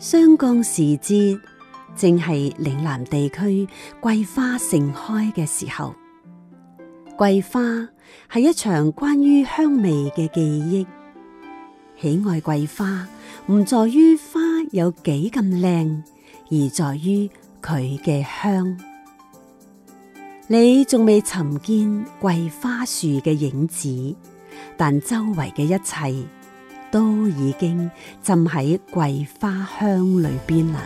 霜降時節，正係嶺南地區桂花盛開嘅時候。桂花係一場關於香味嘅記憶。喜愛桂花，唔在於花有幾咁靚，而在於佢嘅香。你仲未尋見桂花樹嘅影子，但周圍嘅一切，都已經浸喺桂花香裏邊啦。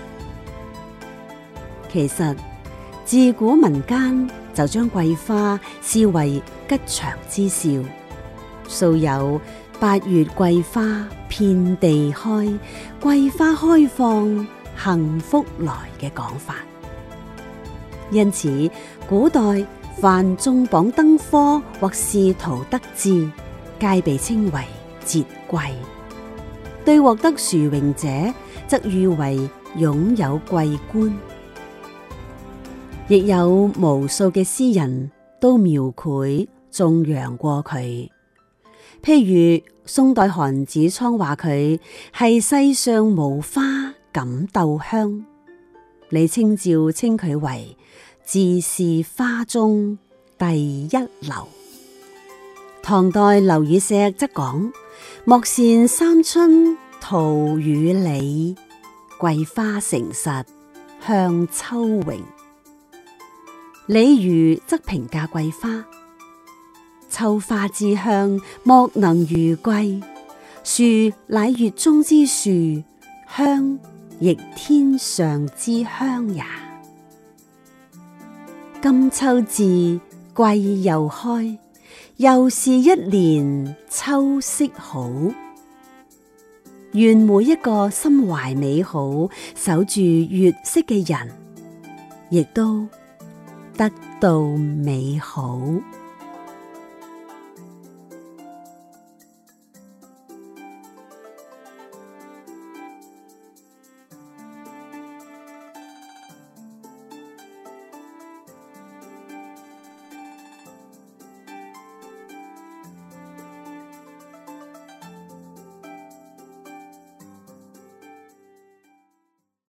其實，自古民間就將桂花視為吉祥之兆，素有八月桂花遍地開，桂花開放幸福來嘅講法。因此，古代凡中榜登科或仕途得志，皆被稱為。節貴，對獲得殊榮者，則譽為擁有桂冠。亦有無數嘅詩人都描繪頌揚過佢，譬如宋代韓子蒼話佢係世上無花敢鬥香，李清照稱佢為自是花中第一流。唐代劉禹錫則講：莫羨三春桃與李，桂花成實向秋榮。李漁則評價桂花：秋花之香莫能如桂，樹乃月中之樹，香亦天上之香也。金秋至，桂又開。又是一年秋色好，願每一個心懷美好、守住月色嘅人，亦都得到美好。